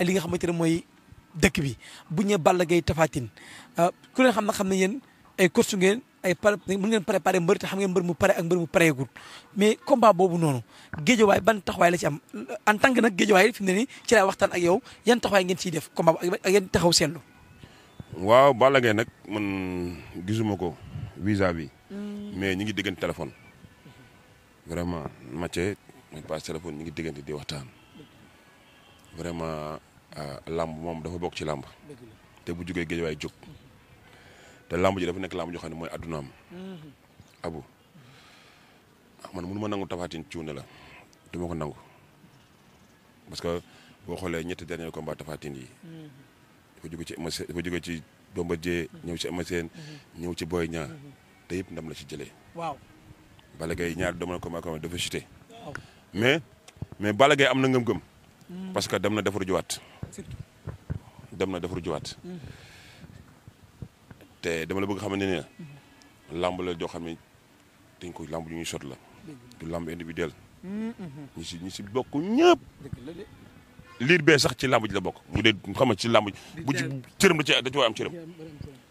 li nga xamante ne mooy dëkk bi bu ñëwee Balla Gaye Tapha Tine ah, ku leen xam na xam ne yéen ay course ngeen ay pare mën ngeen préparé mbër te xam ngeen mbër mu pare ak mbër mu pareegul mais combat boobu noonu géejawaay ban taxawaay la ci am en tant que nag géejawaay fi mu ne nii ci laay waxtaan ak yow yan taxawaay ngeen ciy def combat ak yan taxaw seetlu. waaw Balla Gaye nag man gisuma ko visa bi. Mm. mais ñu ngi diggante téléphone. vraiment Mathieu mooy passe téléphone ñu ngi diggante di waxtaan. vraiment euh, làmb moom dafa bokk ci làmb te bu jugee géej waay jóg te làmb ji dafa nekk làmb joxam ne mooy addunaam mm-hmm. abu man mënu ma nangu tafaatin cuune la du ma ko nangu parce que boo xoolee ñetti dernier combat tafaatin yi mm-hmm. dafa jóge ci émosé dafa jóge ci Bombardier mm-hmm. ñëw ci ñëw ci Boy Niang te yëpp la ci jëlee waaw Balla Gaye ñaar doomu na combat combat dafa chuté mais mais Balla Gaye am na ngëm-ngëm parce que dem na defaru jiwaat dem na defaru jiwaat te dama la bëgg xam ne ne làmb la joo xam ne dañ ko làmb ñu ñuy sot la du làmb individuel ñi si ñi si bokk ñëpp liir bee sax ci làmb ji la bokk bu dee xam ci làmb ji bu ci cërëm da ci da ci war am cërëm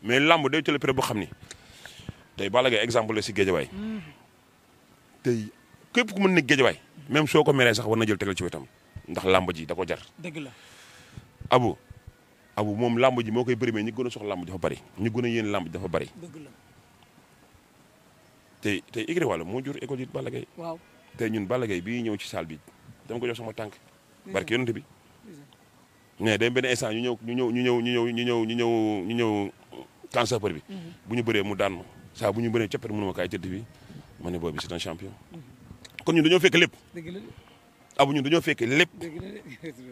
mais làmb day tële période boo xam ni tey Balla Gaye exemple la si géejawaay mm-hmm. tey képp ku mën ne géejawaay même soo ko meree sax war na jël tegal ci wetam ndax làmb ji da ko jar. la abu abu moom làmb ji moo koy bëri mais ñi gën a soxla làmb dafa bëri ñi gën a yéen làmb dafa bëri. dëgg la tey tey Igri wàll moo jur école yi Balla Gaye. tey ñun Balla Gaye bii ñëw ci salle bi dama ko jox sama tànk. barke yonent bi. mais day benn instant ñu ñëw ñu ñëw ñu ñëw ñu ñëw ñu ñëw ñu ñëw ñu ñëw cancer për bi. Mhm. bu ñu bëree mu daan ma saa bu ñu bëree coppite mënuma kaay tëdd bi ma ne boobu c'est champion. Mhm. kon ñun dañoo fekk lépp. abu ah ñun dañoo fekkee lépp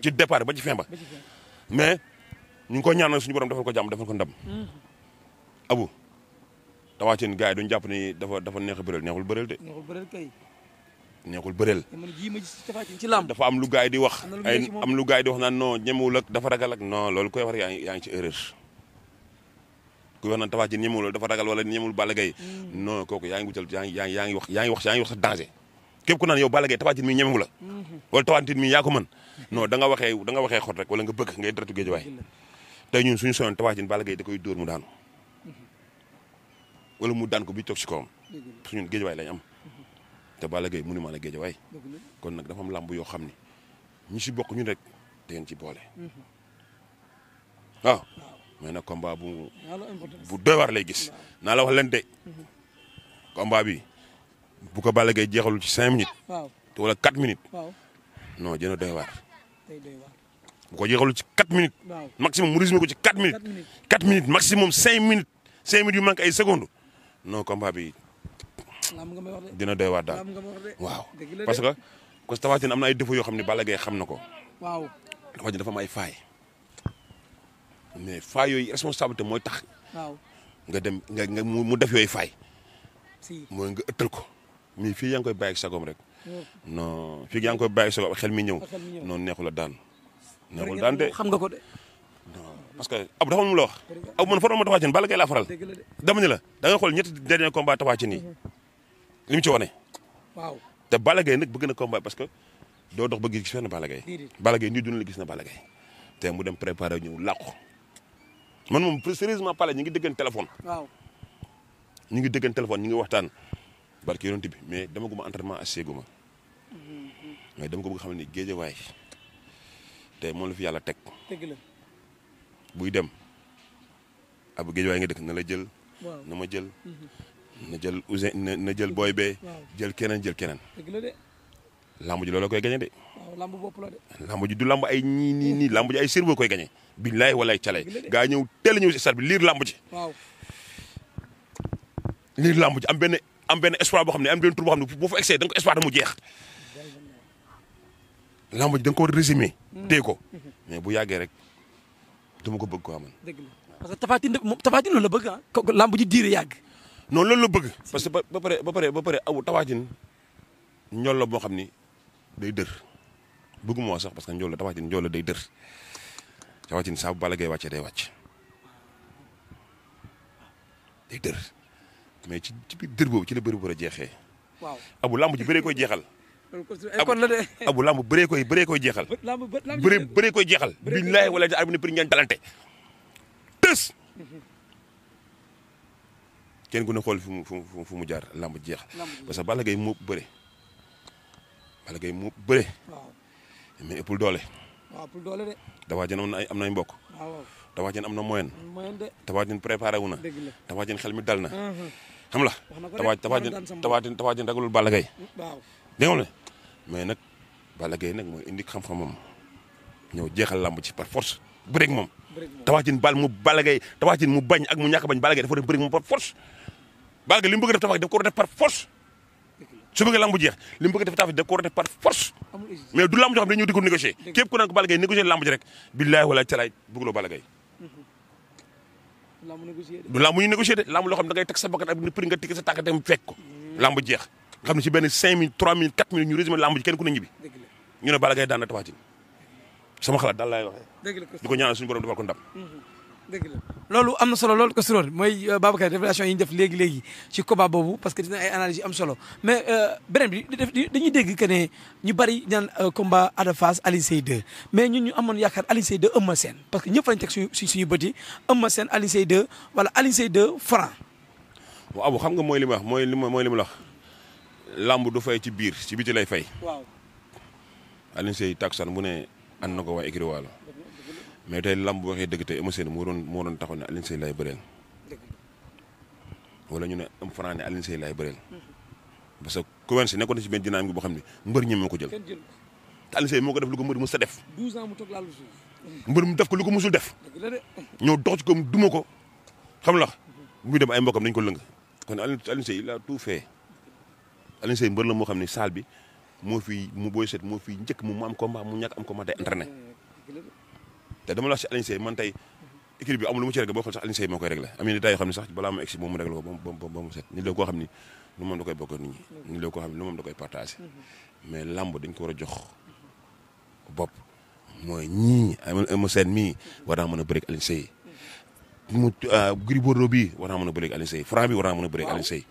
ci départ ba ci fin ba mais ñu ngi ko ñaanal suñu borom defal ko jàmm defal ko ndam hmm. abu Tapha Tine gars yi jàpp ni dafa dafa neex a bëreel neexul bëreel de neexul ci làmb dafa am lu gars yi di wax ay am lu gars di wax naan non ñemewul ak dafa ragal ak non loolu koy wax yaa ngi yaa ngi ci erreur kuy naan Tapha Tine ñemewul dafa ragal wala ñemewul bala Gaye hmm. non kooku yaa ngi wutal yaa ngi yaa ngi wax yaa wax yaa ngi wax sa danger képp ku naan yow Balla Gaye Tapha Tine mi ñemewu la mm-hmm. wala Tapha mi yaa ko mën non da nga waxee waxee xot rek wala nga bëgg ngay deretu géejawaay tey ñun suñu soñoon Tapha Tine Balla Gaye da koy dóor mu daanu mm-hmm. wala mu daan ko bi toog si kawam suñu géejawaay lañ am mm-hmm. te Balla Gaye mënu ma la géejawaay kon nag dafa làmb yoo xam ni ñi si rek da ci boole waaw mais nag combat bu bu doy war lay gis naa la wax leen de combat bi bu ko Balla Gaye jeexalul ci cinq minutes. waaw wala quatre minutes. waaw non dina doy waar. bu ko jeexalul ci quatre minutes. maximum mu résumé ko ci quatre minutes. quatre minutes maximum cinq minutes cinq minutes yu manqué ay secondes non combat bi dina doy waar daal waaw parce que. parce que Tapha am na ay défauts yoo xam ne bala Gaye xam na ko. waaw Tapha Tine dafa am ay failles mais failles yooyu responsabilité mooy tax. nga dem nga mu def yooyu failles. si mooy nga ëttal ko. mi fii yaa ngi koy bàyyi ak sagoom rek non fii yaa ngi koy bàyyi ak sagoom xel mi ñëw noonu neexul a daan neexul daan de xam nga ko de parce que abu dafa mu la wax abu man faral ma Tapha Tine faral dama ne la da nga xool ñetti dernier combat Tapha Tine yi mhm. li mu ci wane te Balla nag bëgg na combat parce que doo dox ba gis fenn Balla nii duna la gis na Balla te mu dem préparé ñëw làqu man moom sérieusement parlé ñu ngi dëggan téléphone waaw ñu ngi dëggan téléphone ñu ngi waxtaan barke yonent bi mais dama guma entraînement ak séeguma mm-hmm. mais dama ko bëgg xam ne géejawaay te moom la fi yàlla teg. dëgg la buy dem ab géejawaay nga dëkk na la jël. na ma jël. Mm-hmm. na jël Ousseyn na jël booy be jël keneen jël keneen. dëgg ji loola koy gañe de. waaw lamb la de. lamb ji du lamb ay ñii nii nii lamb ji ay cerveau koy gañe. billaay walaay calay gaa ñëw teel a ñëw si bi liir lamb ji. liir lamb am benn. am benn espoir boo xam ne am benn tur boo xam ne boo fa excès da nga ko espoir da mu jeex. lamb ji ko résumé. Hmm. téye ko mais bu yàggee rek dama ko bëgg quoi man. dëgg la parce que Tapha Tine Tapha Tine loolu la bëgg ah. kooku lamb ji diir yàgg. non loolu la bëgg parce que ba ba pare ba pare ba pare awu Tapha Tine njool la boo xam ni day dër bëgguma wax sax parce que njool la Tapha Tine njool la day dër Tapha Tine saa bu Balla wàccee day wàcc day dër. mais ci ci dër boobu ci la bëri bu war jeexee. waaw abu lamb ji bëree koy jeexal. kon la de abu lamb bëree koy bëree koy jeexal. lamb bëree bëree koy jeexal. billahi wala arbitre bi ngeen dalante tës. kenn ku xool fu mu fu mu jaar lamb jeex. parce que Balla Gaye moo bëre. Balla Gaye moo bëre. mais ëppul doole. waaw ëppul am na ay am na mbokk. Tapha Tine am na moyen. moyen de Tapha Tine préparé wu na. dëgg xel mi dal na. Mhm. xam la Tapha Tine Tapha Tine Tapha Tine ragalul Balla Gaye. waaw dégg nga mais nag Balla Gaye nag mooy indi xam-xamam ñëw jeexal làmb ci par force bëreeg moom. bëreeg moom Tapha Tine bal mu Balla Gaye mu bañ ak mu ñàkk bañ Balla Gaye dafa def bëreeg moom par force. Balla Gaye li mu bëgg def Tapha Tine daf ko def par force. su bëggee lamb jeex li mu bëgg def taafi da ko def par force mais du lamb joo xam ne dañoo di ko du négocier de làmb loo xam ne sa bakkan ak ni prix nga sa tànk dem fekk ko hmm. làmb jeex xam si benn cinq mille trois mille quatre mille ñu résumé làmb kenn ku ne ñu ne Balla Gaye daan na Tapha Tine sama xalaat daal laay waxee di ko ko ndam hmm. loolu am na solo loolu ko suróor mooy euh, Babacar révélation yi ñu def léegi léegi ci combat boobu parce que dina ay analyse am solo mais euh, beneen bi dañuy dégg que ne ñu bari naan euh, combat Ada Fass Alioune Seye mais ñun ñu amoon yaakaar Alioune Seye 2 Eumeu parce que ñëpp lañ teg suñu suñu bët yi Eumeu Sène Alioune Seye 2 wala Alioune Seye 2 Franc. waaw xam nga mooy li ma wax mooy li ma mooy li ma wax du fay ci biir ci biti lay fay. waaw Alioune Seye taksan mu ne ànd na ko waa Écurie mais tey lamb waxee dëgg tey Eumeu Sène moo doon moo doon taxaw ne wala ñu ne am Franc ne Alioune Seye laay bëreel. Mm-hmm. parce que Quench nekkoon na ci benn dynamique boo xam ne mbër ñeme ko jël. te Alioune moo ko def lu ko mbër mës sa def. 12 mu toog lu ko mësul def. ñoo dox ci duma ko xam la mm-hmm. muy dem ay mbokkam dañ ko lëng. kon Alioune Seye il a tout fait Alioune Seye mbër moo xam ne salle bi moo fi mu booy set moo fi njëkk mu am combat mu ñàkk am combat day entraîné. Mm-hmm. te dama la wax si Alioune Seye man tey équipe bi amul lu mu ci réglé boo xool sax Alioune Seye moo koy réglé am na détails yoo xam ne sax balaa mu egsi moom mu réglé ko ba mu set nit la koo xam ni nu moom da koy bokk nit ñi nit la xam ni nu moom da koy partagé mais làmb dañ ko war a jox bopp mooy ñii am seen mii war naa mën a bëri Alioune Seye mu euh, Gris Bordeaux bii war naa mën a Franc bi war naa mën a bëreeg Alioune Seye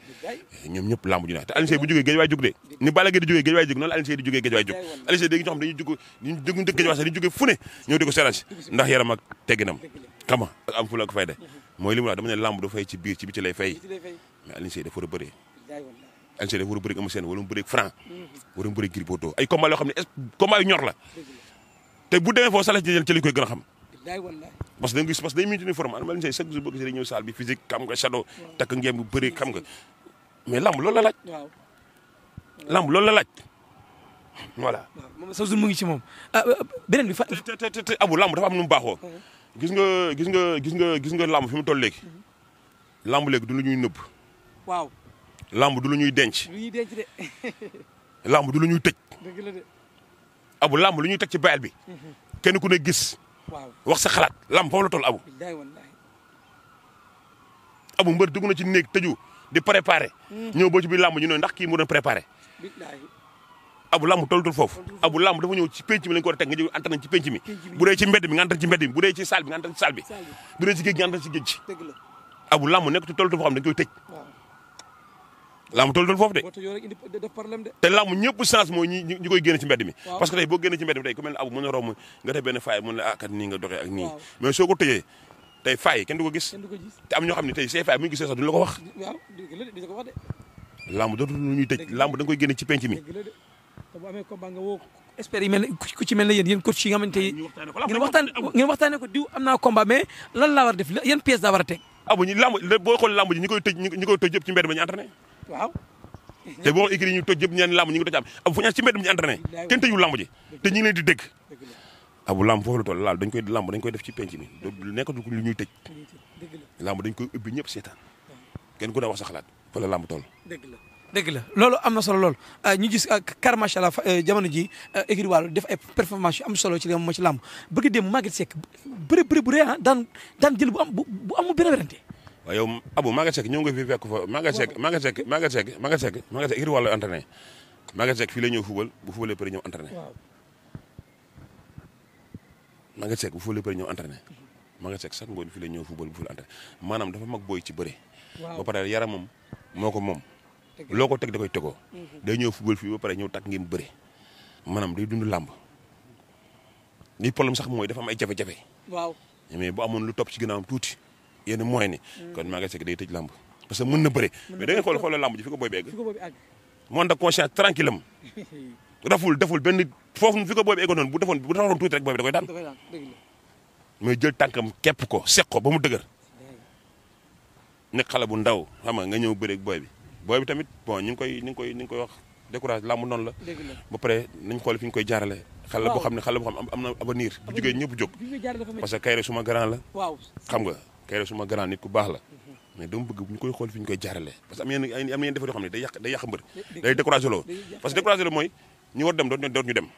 ñoom lamb ju te Alioune Seye bu jógee géej waay de ni Balla Gaye di jógee géej waay noonu la Alioune Seye di jógee géej waay jóg Alioune Seye dañuy ñoo xam dañuy jóg ñu jóg dëkk ko seetaan ndax yaram ak tegginam xama am fula ak fayda mooy li ma la dama ne lamb du fay ci biir ci bi ci lay fay mais Alioune Seye dafa war a bëree Alioune Seye dafa war a bëreeg Eumeu Sène wala mu bëreeg Franc wala mu bëreeg ay combat yoo xam ne combat yu ñor la te bu demee foofu sax la ci koy gën a parce que da nga gis parce que day minti uniforme Alioune Malick Seye chaque jour boo gisee bi physique xam nga shadow takk ngeen bu bëri xam nga mais lamb loolu la laaj. waaw lamb loolu la laaj voilà. waaw moom mu ngi ci moom ah euh, beneen te te te abu lamb dafa am nu mu baaxoo. gis nga gis nga gis nga gis nga lamb fi mu toll léegi. Mhm. lamb léegi du lu ñuy nëbb. waaw lamb du lu ñuy denc. lu ñuy denc lamb du lu ñuy tëj. dëgg abu lamb lu ñuy teg ci bayal bi. Mhm. kenn ku ne gis. wax sa xalaat lam foofu la toll abu abu mbër dugg na ci néeg taju di préparé hmm. ñëw ba ci bi lamb ñu ne ndax kii mu doon préparé abu làmb tollutul foofu abu làmb dafa ñëw ci penc mi lañ ko war a teg nga jël antenne ci penc mi bu ci mbedd mi nga antenne ci mbedd mi bu dee ci salle bi nga antenne ci salle bi ci géej nga antenne ci géej ci abu làmb nekk ci tollutul foo xam dañ koy tëj lamb toll doon foofu de te laamu ñëpp chance mooy ñi koy génn ci mbedd mi parce que tey boo génn ci mbedd mi tey ku mel ne abu mën a romb nga def benn faay mën la ah kat nii nga doxee ak nii mais soo ko tëjee gis te am ñoo xam ne tey say faay bu ñu gisee sax la ko wax laamu dootul lu ñuy tëj da nga koy ci penc mi espère mel ne ku ci mel ne yéen yéen coach yi ko diw am naa combat mais lan laa war a def yan pièce daa abu lamb boo xool lamb ji ñi koy tëj waaw te boo écrit ñu toj yëpp ñeen làmb ñu ngi toj am abu fañaas ci mbedd mi ñu entraîné kenn tëjul làmb ji te ñu ngi leen abu làmb foofu la toll laal dañ koy làmb dañ koy def ci penc mi nekkatul lu ñuy tëj làmb dañ koy ubbi ñëpp seetaan kenn ku ne wax sa xalaat fa la làmb toll dëgg la loolu am na solo loolu euh, ñu gis euh, kar macha allah euh, jamono ji écrit wàllu def ay performance yu am solo ci li ma ci làmb bëgg dem Maguette Seck bëre bëre bu rëy ah, daan daan jël bu am bu amul benn werante waaw yow Abou Maguette Seck ñëw nga fi fekk fa Maguette Seck Maguette Seck Maguette Seck Maguette Seck Maguette Seck fii la ñëw fubal bu foolee pare ñëw entraîné Maguette Seck bu fubalee pare ñëw entraîné Maguette Seck sax ngoon fii la ñëw fubal bu fubalee entraîné maanaam dafa mag booy ci bëre ba pare yaramam moo ko moom loo ko teg da koy tegoo mhm. day ñëw fubal fii ba pare ñëw takk ngeen bëre maanaam day dund làmb li problème sax mooy dafa am ay jafe-jafe waaw boo bu amoon lu topp ci ginnaawam tuuti yenn mooy ni kon Maguette Seck day tëj lamb parce que mën na bëre mais da ngay xool xoolal lamb ji fi ko booy benn foofu fi ko booy bi bu defoon bu defoon tuuti rek booy bi jël tànkam képp ko seq ba mu dëgër nekk xale bu ndaw xam nga nga ñëw bëre booy bi booy bi tamit bon ñu ngi koy ñu ngi koy ñu koy wax décourage lamb noonu la ba pare nañ xool fi ñu koy jaarale xale boo xam ne xale boo xam am na avenir bu jógee ñëpp jóg parce que Kayré suma grand la xam nga kay suma grand nit ku baax la mais dama bëgg ñu koy xool fi ñu koy jaarale parce que am yenn am defar yoo xam ne day yàq mbër day découragé loo parce que découragé loo mooy ñu war dem doot ñu dem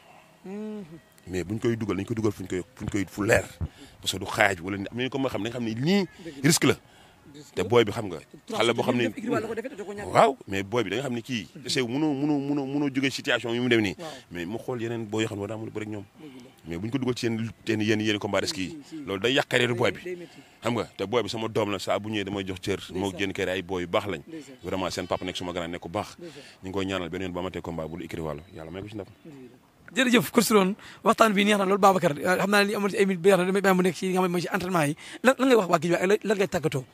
mm-hmm. mais bu ñu koy dugal dañu koy dugal fu ñu koy fu ñu koy fu leer parce que du xaaj wala am nañu ko ma xam ne nga xam la te booy bi xam nga xale boo xam ne waaw mais booy bi da xam ne kii c'est mm-hmm. mënoo mënoo mënoo mënoo jógee situation yu mu dem nii mais mu boo yoo xam ne war yu baax lañ vraiment seen papa nekk suma grand nekk ku baax ñu ngi nga xam ne damay nga xam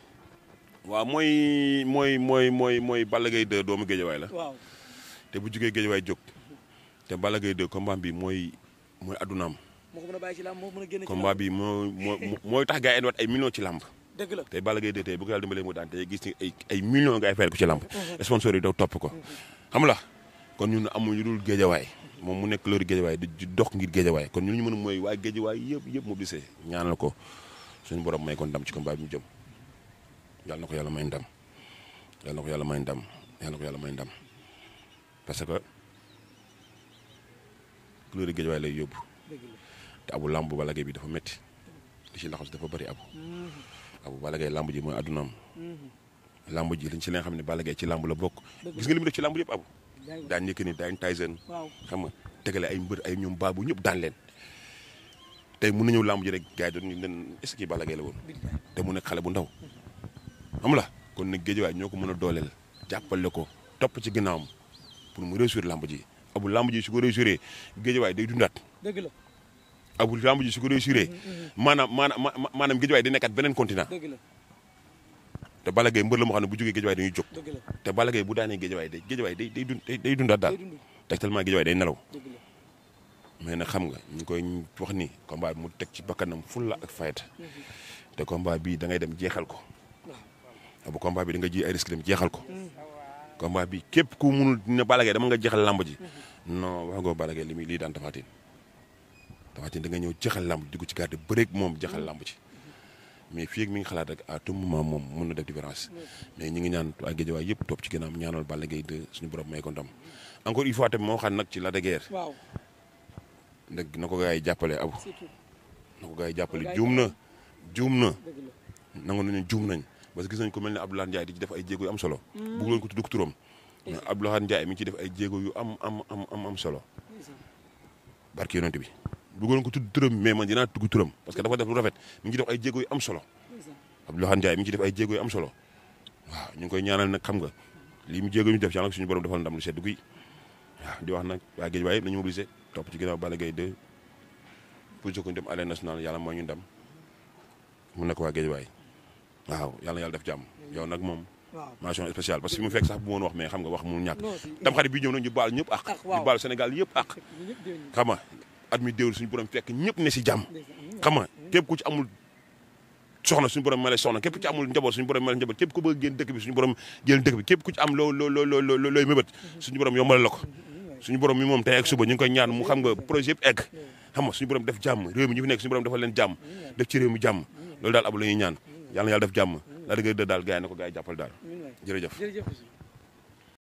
waaw mooy mooy mooy mooy mooy Balla Gaye 2 doomu Géejawaay la. waaw te bu jugee Géejawaay jóg. te Balla Gaye 2 combat bi mooy mooy addunaam. a bàyyi ci làmb moo mën bi moo moo mooy tax gars yi indiwaat ay ci làmb. dëgg la tey Balla Gaye 2 tey bu ko yàlla mu gis ni ay ay millions ngay ci làmb. Mhm. sponsor yi topp ko. Mhm. xam la kon ñun amuñu dul Géejawaay. moom mu nekk loolu géejawaay di dox ngir géejawaay kon ñu ñu mën mooy waa géejawaay yëpp yëpp mobilisé ñaanal ko suñu borom may ko ndam ci combat bi mu jëm yàlla na ko yàlla may ndam yàlla na ko yàlla may ndam yàlla na ko yàlla parce que couleur Guédiawaye lay yóbbu te abu làmb Balla bi dafa métti li ci laxas dafa bëri abu mm-hmm. abu Balla Gaye ji mooy addunaam mm-hmm. làmb ji liñ ci la xam ne Balla Gaye ci làmb la bokk gis nga li mu ci làmb yëpp abu daan nekk ni daan Tyson xam nga tegale ay mbër ay ñoom baabu ñëpp daan leen tey mun na ñëw làmbu ji rek gars yi doon ñu leen est-ce que Balla Gaye la woon te mu nekk xale bu ndaw mm-hmm. am la kon nag géejawaay ñoo ko mën a dooleel jàppale ko topp ci am pour mu réussir lamb ji abu lamb ji su ko réussiree géejawaay day dundaat. dëgg la abu lamb ji su ko réussiree mm-hmm, mm-hmm. maanaam maanaam maanaam géejawaay day nekkaat beneen continent. dëgg te Balla Gaye mbër la moo xam ne bu jógee géejawaay dañuy jóg. dëgg la te Balla bu daanee géejawaay day géejawaay day day dund day dundaat daal. te actuellement géejawaay day nelaw. mais nag xam nga ñu koy wax ni combat bi mu teg ci bakkanam la ak fayda mm-hmm. te combat bii da ngay dem jeexal ko. Ah, bu combat bi da nga ji ay risque dem jeexal ko. combat bi képp ku munul dina Balla Gaye dama nga jeexal làmb ji. no wax nga ko Balla Gaye li muy lii daan Tapha Tine. Tapha ñëw jeexal làmb ji dugg ci garde bëreeg moom jeexal làmb ji. mais fii ak mi ngi xalaat rek à tout moment moom mën na def différence mais ñu ngi ñaan waa Guédiawaye yëpp topp ci ginnaaw ñaanal Balla Gaye de suñu borom may ko ndam encore une fois tamit moo xam nag ci la de guerre. na ko gars yi jàppale abu na jàppale juum na juum na nangu nañu nañ parce que gis nañ ko mel ne Abdoulaye Ndiaye di def ay jéego am solo. Mm. bëgg nañ ko tudd turam. mais Abdoulaye Ndiaye mi ci def ay jéego yu am am am am solo. barke yonent bi bëgg ko tudd turam mais man dinaa tudd turam parce que dafa def lu rafet mi ngi def ay jéego yu am solo. Abdoulaye Ndiaye mi ci def ay jéego yu am solo waaw ñu ngi koy ñaanal nag xam nga lii mu jéego ñu def yàlla suñu borom defal ndam lu sedd guy waaw di wax nag waa géej waaye yëpp nañu mobilisé topp ci ginnaaw Balla Gaye 2 pour jokkoon dem arène nationale yàlla moo ñu ndam mu nekk waa géej waaye waaw yàlla yàlla def jàmm yow nag moom mention spéciale parce que fi mu fekk sax bu moon wax mais xam nga wax mu ñàkk tam eh. xarit bi ñëw nag ñu baal ñëpp ak ah, ñu baal Sénégal yëpp ak mi déwél suñu borom fekk ñëpp ne si jàmm xam nga képp ku ci amul soxna suñu borom male soxna képp ku ci amul njaboot suñu borom male njaboot képp ku bëgg génn dëkk bi suñu borom génn dëkk bi képp ku ci am loo loo loo mm-hmm. suñu borom yombal mm-hmm. suñu borom mi moom tey ak suba ñu ngi koy ñaan mu xam nga mm-hmm. projet yëpp egg xam nga suñu borom def jàmm réew mi nekk suñu borom dafa leen jàmm def ci réew mi jàmm loolu daal abu la ñuy ñaan yàlla na yàlla def jàmm. la dëgg dëgg daal gars yi na ko gars yi jàppal daal. jërëjëf